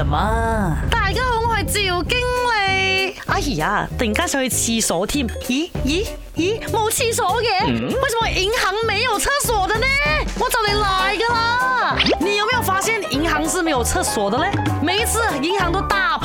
什麼，大家好，我係趙經理。哎呀，突然間想去廁所添，咦咦咦，冇廁所嘅，嗯、為什麼銀行沒有廁所的呢？我就嚟㗎喇。你有沒有發現銀行是沒有廁所的呢？每一次銀行都大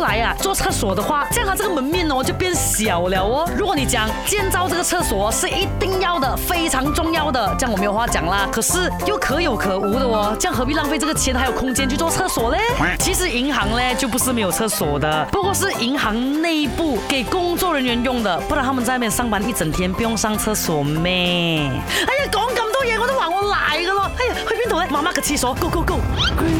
來呀，做廁所的話，這樣它這個門面哦就變小了哦。如果你講建造這個廁所是一定要的，非常重要的，這樣我沒有話講啦。可是又可有可無的哦，這樣何必浪費這個錢還有空間去做廁所呢？喂其實銀行呢，就不是沒有廁所的，不過是銀行內部給工作人員用的，不然他們在那邊上班一整天不用上廁所咩？哎呀，講咁多嘢我都往我來嘅咯！哎呀，去邊度呢？媽媽嘅廁所，Go Go Go！